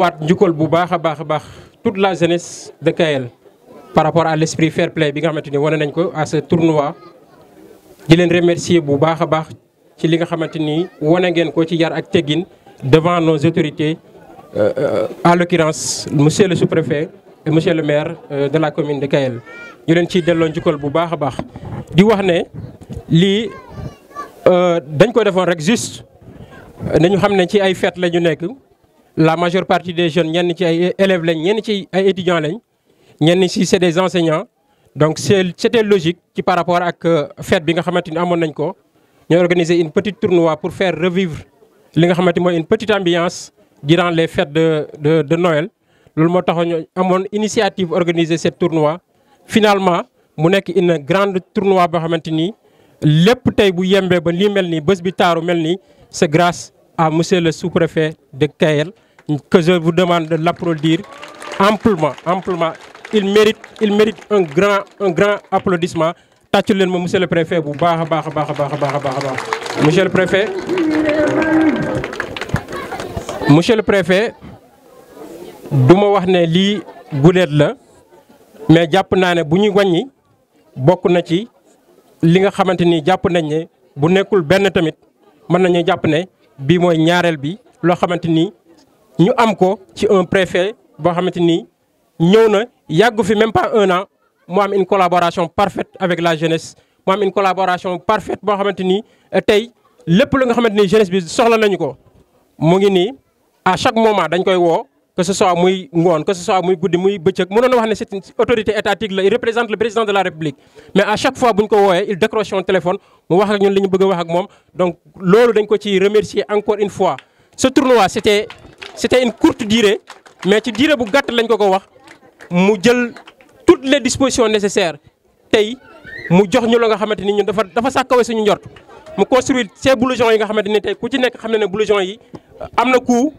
delloowaat njukkal bu baax a baax a baax toute la jeunesse de Kaël par rapport à l' esprit fair play bi nga xamante ni wane nañ ko à ce tournoi di leen remercier bu baax a baax ci li nga xamante ni wane ngeen ko ci yar ak teggin devant nos autorités en euh, euh, l'occurrence monsieur le sous-préfet monsieur le maire euh, de la commune de Kaël ñu leen ciy delloo njukkal bu baax a baax di wax ne lii dañ ko defoon rek juste nañu xam ne ci ay fête la ñu nekk la majeure partie des jeunes ñenn ci ay élèves lañ ñenn ci ay étudiants lañ ñenn ci c'est des enseignants donc c'est c'était logique ci par rapport ak euh, fête bi nga xamante ni amoon nañ ko ñoo organiser une petite tournoi pour faire revivre li nga xamante mooy une petite ambiance durant les fêtes de de de Noël loolu moo taxoon ñoo amoon initiative organiser cette tournoi finalement mu nekk une grande tournoi boo xamante ni lépp tey bu yembee ba lii mel nii bés bi taaru mel nii c'est grâce à monsieur le sous-préfet de Kaël que je vous demande de l'applaudir amplement emplement il mérite il mérite un grand un grand applaudissement tàccu leen ma monsieur le préfet bu baax baax a baax baax baax a baax monsieur le préfet monsieur le préfet ma wax ne lii guleet la mais jàpp naa ne bu ñu wàññi bokk na ci li nga xamante ni jàpp nañ ne bu nekkul benn tamit mën nañu jàpp ne bi mooy ñaareel bi loo xamante ni ñu am ko ci un préfet boo xamante ni ñëw na yàgg fi même pas un an mu am une collaboration parfaite avec la jeunesse mu am une collaboration parfaite boo xamante ni tey lépp lu nga xamante ni jeunesse bi soxla nañu ko mu ngi nii à chaque moment dañ koy woo. que muy ngoon que ce soit muy guddi muy bëccëg mënoon na wax ne c'est une autorité étatique la il représente le président de la république mais à chaque fois bu ko woowee il décroche téléphone mu wax ñun li bëgg a wax moom donc loolu dañ ko ci remercier encore une fois ce tournoi c'était une courte durée mais ci durée bu gàtt lañ ko ko wax mu jël toutes les dispositions nécessaires tey mu jox ñu la nga xamante ni ñun dafa dafa sàkkawe suñu njort mu construire ces blousons yi nga xamante ni tey ku ci nekk xam ne ne blousons yi am na coût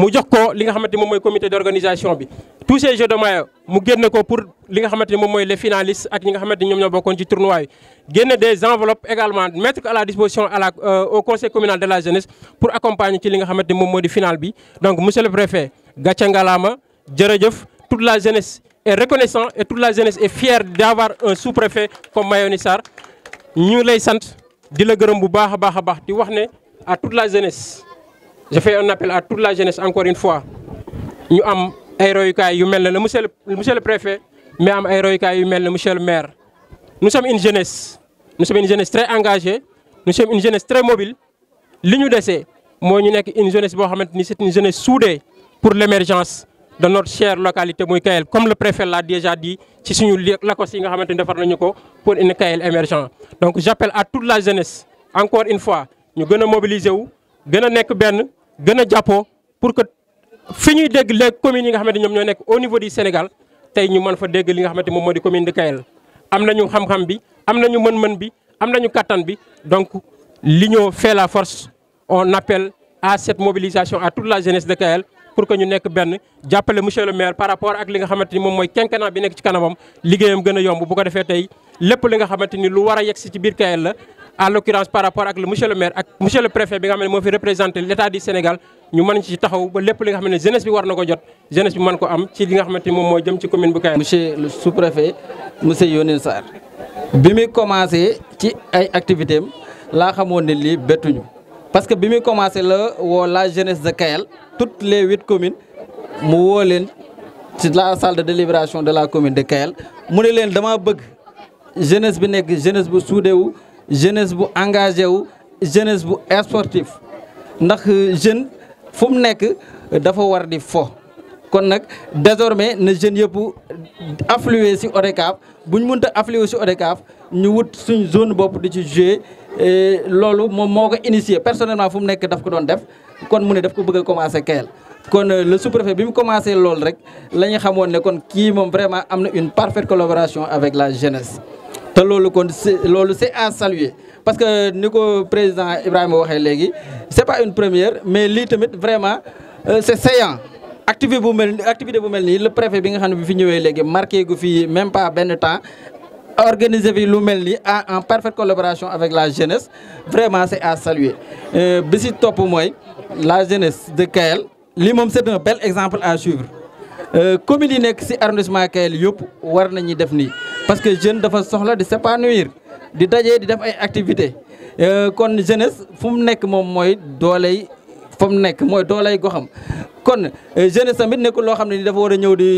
mu jox ko li nga xamante moom mooy comité d'organisation bi tous ces jeux de maillot mu génne ko pour li nga xamante ni moom mooy le finalistes ak ñi nga xamante ni ñoom ñoo bokkoon ci tournoi yi génne des enveloppes également mettre ko à la disposition à la euh, au conseil communal de la jeunesse pour accompagner ci li nga xamante ni moom moo di final bi donc monsieur le préfet gàcce ngalaama jërëjëf toute la jeunesse est reconnaissant et toute la jeunesse est fière d'avoir un sous-préfet comme Mayoni lay sant di la gërëm bu baax a baax a baax di wax ne à toute la jeunesse je fais un appel à tout la jeunesse encore une fois ñu am ay royukaay yu mel ne le monsieur le le préfet mais am ay royukaay yu mel ne monsieur le maire. nous sommes une jeunesse nous sommes une jeunesse très engagée nous sommes jeunesse très mobile li ñu dese moo ñu nekk une jeunesse boo xamante ni c'est une jeunesse soudée pour l'émergence de notre chère localité muy Kayel comme le préfet l'a déjà di ci suñu lakos yi nga xamante ni defar nañu ko pour une Kayel émergent donc j'appelle à tout la jeunesse encore une fois ñu gën a mobiliser wu gën a nekk benn. gën a jàppoo pour que fi ñuy dégg léegi communes yi nga xamante ñoom ñoo nekk au niveau du Sénégal tey ñu mën fa dégg li nga xamante moom moo di commune de Kayel am nañu xam-xam bi am na ñu mën-mën bi am nañu kattan bi donc l'union fait la force on appelle à cette mobilisation à toute la jeunesse de Kayel pour que ñu nekk benn jàppale monsieur le maire par rapport ak li nga xamante ni moom mooy quinquennat bi nekk ci kanamam liggéeyam gën a yomb bu ko defee tey lépp li nga xamante ni lu war a yegg si ci biir Kayel la en l'occurrence par rapport ak le monsieur le maire ak monsieur le préfet bi nga xam ne moo fi représenté l' état du Sénégal ñu mën ci taxaw ba lépp li nga xam ne jeunesse bi war na ko jot jeunesse bi mën ko am ci li nga xamante ni moom moo jëm ci commune bu Kayaar. monsieur le sous préfet bi muy commencé ci ay activités am laa xamoon ne lii bettuñu parce que bi muy commencé la woo la jeunesse de Kayal toutes les huit communes mu woo leen ci la salle de libération de la commune de Kayal mu ne leen dama bëgg jeunesse bi nekk jeunesse bu jeunesse bu engagé wu jeunesse bu insportif ndax jeune fu mu nekk dafa war di fo. kon nag désormais na jeunes yëpp affluer ci ODCAV bu ñu mënta affluer ci ODCAV ñu wut suñ zone bopp di ci jouer loolu moom moo ko initié personnellement fu mu nekk daf ko doon def kon mu ne daf ko bëgg a commencer kayal kon euh, le sous-préfet bi mu commencé loolu rek la ñu xamoon ne kon kii moom vraiment am na une parfaite collaboration avec la jeunesse te loolu kon loolu c'est à saluer parce que ni ko président Ibrahima waxee léegi c'est pas une première mais lii tamit vraiment euh, c'est saillant activité bu mel activité bu mel nii le préfet bi nga xam ne bi fi ñëwee léegi markee gu fi même pas benn temps organiser fi lu mel nii en parfaite collaboration avec la jeunesse vraiment c'est à saluer euh, bi si topp mooy la jeunesse de Kaël lii moom c'est un bel exemple à suivre euh, commune yi nekk si arrondissement Kaël yëpp war nañu def nii parce que jeune dafa soxla di s'épanouir di daje di def ay activités euh, kon jeunesse fu mu nekk moom mooy doole yi fa mu nekk mooy doole dooley goxam kon euh, jeunesse tamit nekkul loo xam ne ni dafa war a ñëw di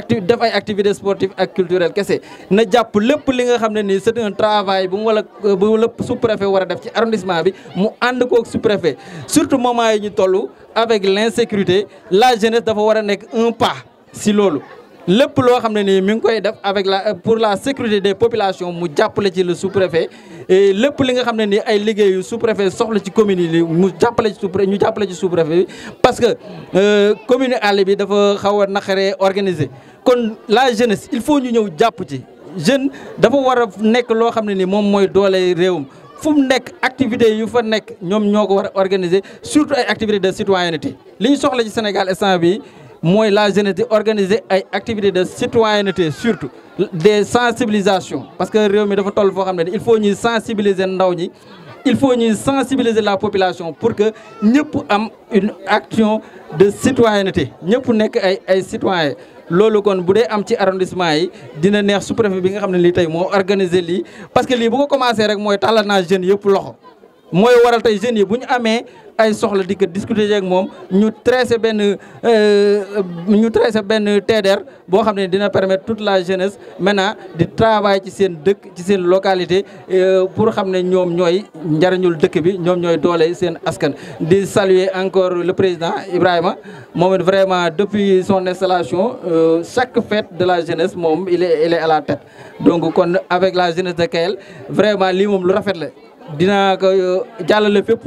acti def ay activités sportives ak culturelles kese na jàpp lépp li nga xam ne nii c'est un travail bu mu wala bu lépp sous-préfet war a def ci arrondissement bi mu ànd koog sous-préfet surtout moment yi ñu toll avec l'insécurité la jeunesse dafa war a nekk un pas si loolu. lépp loo xam ne nii mi ngi koy def avec la pour la sécurité des population mu jàppale ci la sous-préfet lépp li nga xam ne nii ay liggéeyu sous-préfet soxla ci commune yi mu jàppale ci sous-préfet ñu jàppale ci sous bi parce que euh, commune àll bi dafa xaw a naqaree organiser kon la jeunesse il faut ñu ñëw jàpp ci jeune dafa war a nekk loo xam ne nii moom mooy doole réewam fu mu nekk activité yu fa nekk ñoom ñoo ko war a organiser surtout ay activités de citoyenneté li ñu soxla ci Sénégal instant bi mooy la jeunesse di organiser ay activité de citoyenneté surtout des sensibilisation parce que réew mi dafa toll foo xam ne di il faut ñuy sensibiliser ndaw ñi il faut ñuy sensibiliser la population pour que ñëpp am une action de citoyenneté ñëpp nekk ay ay citoyens loolu kon bu dee am ci arrondissement yi dina neex sous-préfet bi nga xam ne lii tey moo organiser lii parce que lii bu ko commencé rek mooy tàllal naa jeunes yëpp loxo mooy waral tey jeunes yi bu ñu amee ay soxla di ko discuter moom ñu tracer benn euh, ñu tracer benn TDR boo xam ne dina permettre toute la jeunesse maintenant di travailler ci seen dëkk ci seen localité euh, pour xam ne ñoom ñooy njariñul dëkk bi ñoom ñooy doole seen askan. di saluer encore le président Ibrahima moom vraiment depuis son installation euh, chaque fête de la jeunesse moom il est il est donc kon avec la jeunesse de Kael vraiment lii moom lu rafet la. dinaa ko euh, jàllale fépp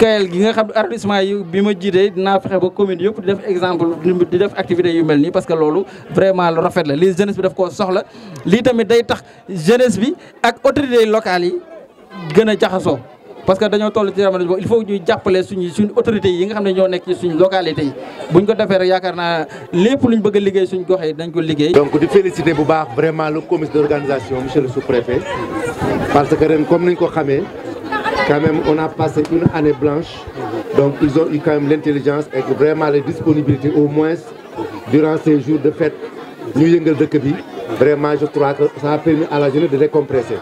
kayel gi nga xam arrondissement yi bi ma jiite dinaa fexe ba commune yëpp di def exemple di def activité yu mel nii parce que loolu vraiment lu rafet la lii jeunesse bi daf koo soxla lii tamit day tax jeunesse bi ak autorités locales yi gën a jaxasoo parce que dañoo toll ci jamono boobu il faut ñuy jàppale suñu suñu autorités yi nga xam ne ñoo nekk suñ suñu localité yi buñ ko defee rek yaakaar naa lépp luñ bëgg a liggéey suñu gox yi dañ ko liggéey. donc di féliciter bu baax vraiment le comité d'organisation monsieur parce que ren comme ni ñu ko xamee quand même on a passé une année blanche donc ils ont eu quand même l'intelligence et vraiment les disponibilités au moins durant ces jours de fête ñu yëngal dëkk bi vraiment je crois que ça a à la jeunesse de décompresser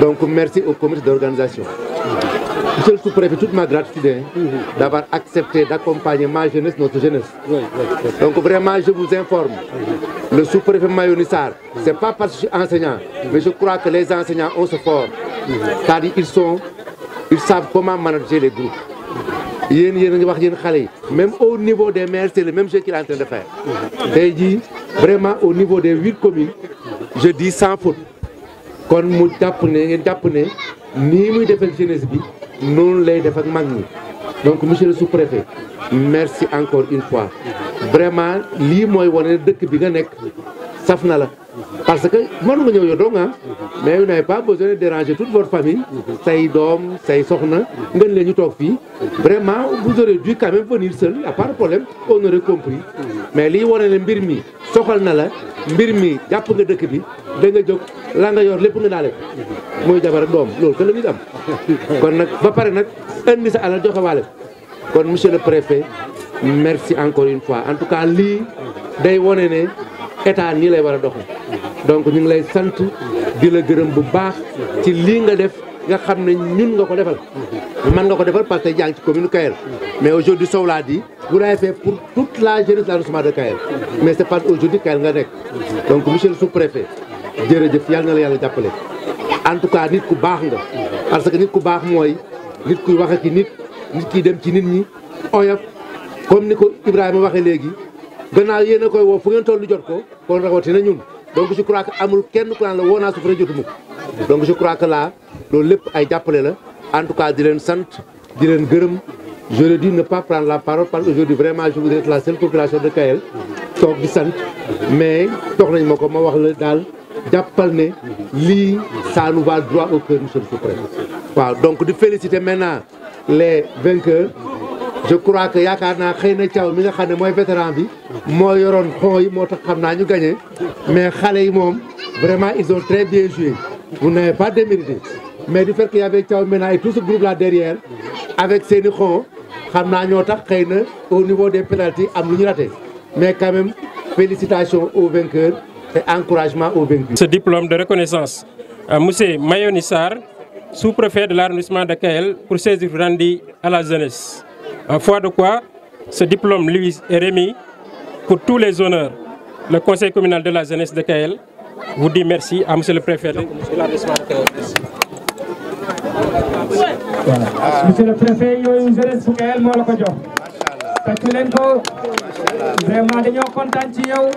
donc merci au comité d'organisation monsieur le sous-préfet toute ma gratitude d'avoir accepté d'accompagner ma jeunesse notre jeunesse donc vraiment je vous informe Le sous-préfet Mayoni Sarr, ce n'est pas parce que je suis enseignant, mais je crois que les enseignants ont ce fort. Car ils, sont, ils savent comment yéen les groupes. Même au niveau des maires, c'est le même jeu qu'il est en train de faire. Et dit, vraiment au niveau des huit communes, je dis ne faute. Quand nous tapons, ni nous défendons jeunesse, nous mag mi Donc, monsieur le sous-préfet, merci encore une fois. vraiment lii mooy wane dëkk bi nga nekk saf na la parce que mën nga ñëw yow dong ah mais vous n'avez pas besoin de déranger toute say doom say soxna ngeen leen ñu toog fii vraiment vous aurez dû quand même venir seul à part problème on aurait compris mais lii wane ne mbir mi soxal na la mbir mi jàpp nga dëkk bi da nga jóg la nga lépp nga daale muy jabar doom loolu que la kon nag ba pare nag indi sa alal joxe waale kon monsieur le préfet merci encore une fois en tout cas lii day wone ne état nii lay war a doxee donc ñu ngi lay sant di la gërëm bu baax ci lii nga def nga xam ne ñun nga ko defal man nga ko defal parce que yaa ci commune Kaël mais aujourd'hui Sow laa di vous l'avez fait pour toute la jeunesse l'arrondissement de Kaël mais c'est parce que aujourd'hui Kaël nga nekk donc monsieur le sous-préfet jërëjëf yàlla na la yàlla jàppale en tout cas nit ku baax nga parce que nit ku baax mooy nit kuy wax ak nit nit kiy dem ci nit ñi oyof comme ni ko Ibrahima waxee léegi gannaaw yéen a koy woo fu ngeen toll jot ko kon rawatina ñun donc je crois que amul kenn ku naan la woo naa su fekkee jotuma ko donc je crois que là loolu lépp ay jàppale la en tout cas di leen sant di leen gërëm je le na ne pas la parole parce que aujourd'hui vraiment je voudrais être la seule population de Kaël toog di sant mais toog nañu ma ko ma wax la daal jàppal ne lii ça nous va droit au cœur monsieur le sous waaw donc di féliciter je crois que yaakaar naa xëy na Thiaw mi nga xam ne mooy vétéran bi moo yoroon xon yi moo tax xam naa ñu gagné mais xale yi moom vraiment ils ont très bien joué vous n'avez pas démérité mais du fait qu'il y avait Thiaw maintenant et tout ce groupe là derrière avec seeni xon xam naa ñoo tax xëy na au niveau des pénalties am lu ñu rate mais quand même félicitations aux vainqueurs encouragement au vaincus. Ce diplôme de reconnaissance à euh, Monsieur Mayoni Sarr, sous-préfet de l'arrondissement de Kael, pour ses rendus à la jeunesse. En foi de quoi, ce diplôme lui est pour tous les honneurs. Le conseil communal de la jeunesse de Kael vous merci à monsieur le préfet. monsieur le préfet yooyu jeunesse bu Kael moo la ko jox tàccu vraiment dañoo kontaan ci yow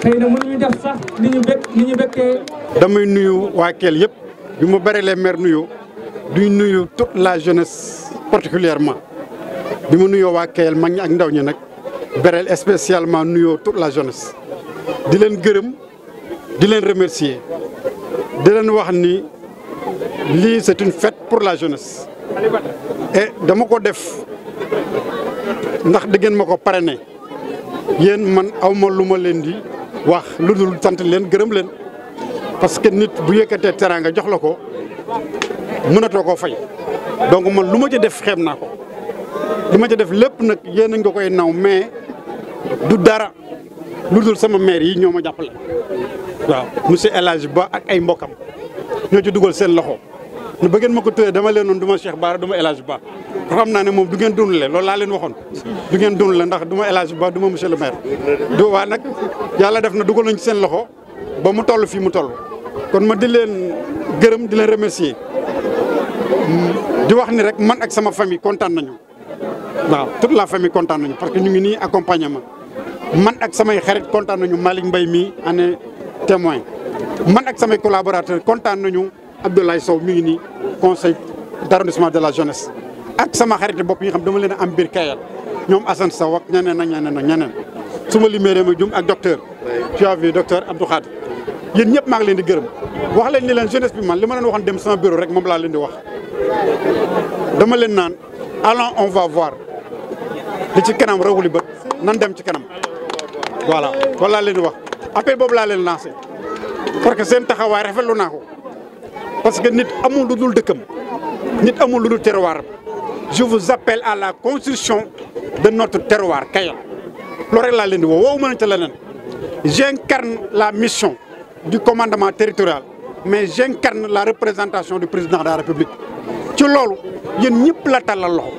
xëy na mënuñu def sax li ñu bëggee. damay nuyu waa Kael yëpp bi mu bëri nuyu duñ nuyu toute la jeunesse particulièrement li mu nuyoo waa Kayel mag ñi ak ndaw ñi nag berel spécialement nuyoo tout la jeunesse di leen gërëm di leen remercier di leen wax ni lii c'est une fête pour la jeunesse et dama ko def ndax di ngeen ma ko pare ne yéen man awma lu ma leen di wax lu dul sant leen gërëm leen parce que nit bu yëkkatee teraanga jox la ko mënatoo koo fay donc man lu ma ci def xeem naa ko li ma ca def lépp nag yéen a nga koy naw mais du dara lu dul sama maire yi ñoo ma jàppale waaw monsieur El Hadj Ba ak ay mbokkam ñoo ci dugal seen loxo nu ba ngeen ma ko tëyee dama leenoon noon du ma Cheikh Bara du ma Ba ko xam naa ne moom du ngeen dundalee loolu laa leen waxoon du ngeen dundalee ndax du ma Ba du ma monsieur le maire du waa nag yàlla def na dugal nañ seen loxo ba mu toll fii mu toll kon ma di leen gërëm di leen remercier mm, di wax ni rek man ak sama famille kontaan nañu waaw toute la famille kontaan nañu parce que ñu ngi nii accompagnement man ak samay xarit kontaan nañu Malick Mbaye mii année témoin man ak samay collaborateur kontaan nañu Abdoulaye Sow mi ngi nii conseil d'arrondissement de la jeunesse ak sama xarit bopp yi xam dama leen a am biir Kayal ñoom Assane Sow ak ñeneen ak ñeneen ak ñeneen su ma limee ma jum ak docteur tu as vu docteur Abdou Khadre yen ñëpp maa ngi leen di gërëm wax leen ni leen jeunesse bi man li ma leen waxoon dem sama bureau rek moom laa leen di wax dama leen naan allons on va voir li ci kanam rawuli bët nan dem ci kanam voilà wala leen wax appel boobu laa leen lancé parce que seen taxawaay rafetlu naa ko parce que nit amul lu dul dëkkam nit amul lu dul terroir je vous appelle à la construction de notre terroir Kayal loo rek laa leen di woo woowu mën ca leneen j'incarne la mission du commandement territorial mais j'incarne la représentation du président de la République ci loolu yéen ñëpp la tàllal loxo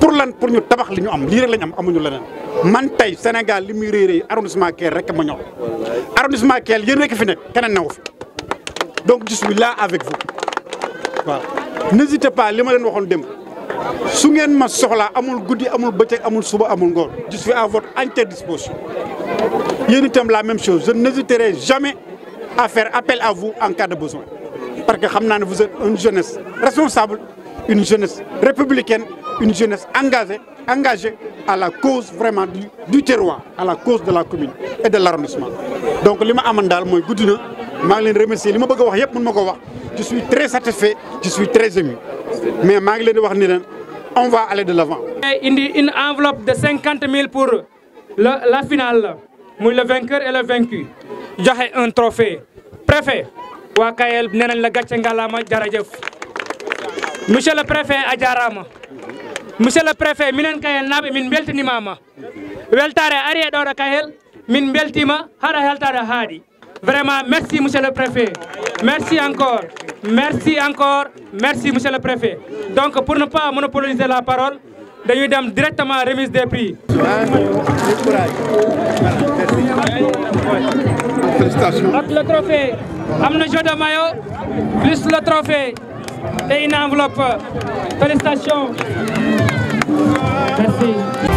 pour lan pour ñu tabax li ñu am lii rek la am amuñu leneen man tey Sénégal li muy rëy rëy arrondissement Kelle rek ma ñor arrondissement Kelle yéen fi nekk keneen newu fi donc je suis là avec vous waaw n'hésitez pas li ma leen waxoon démb su ngeen ma soxlaa amul guddi amul bëccëg amul suba amul ngoon je suis à votre entière disposition yéen itam la même chose je n'hésiterai jamais à faire appel à vous en cas besoin parce que xam naa ne vous êtes une jeunesse une jeunesse républicaine, une jeunesse engagée, engagée à la cause vraiment du, terroir, à la cause de la commune et de l'arrondissement. Donc, ce que je veux je les remercie. Ce que je wax dire, je suis très satisfait, je suis très ému. Mais je veux dire, on va aller de l'avant. Une enveloppe de 50 000 pour le, la finale, la vainqueur et le vaincu. J'ai un trophée. Préfet, la Nenen Lagachengalama, Djaradjef. monsieur le préfet a jarama monsieur le préfet minen kahel naaɓe min beltanimama weltare ari e ɗo ɗo kahel min beltima haɗa heltade haaɗi vraiment merci monsieur le préfet merci encore merci encore merci monsieur le préfet donc pour ne pas monopoliser la parole dañuy dem directement remise des prix félicitations ak le trophée am na jeu de maillot plus le trophée et une enveloppe. Félicitations. Merci.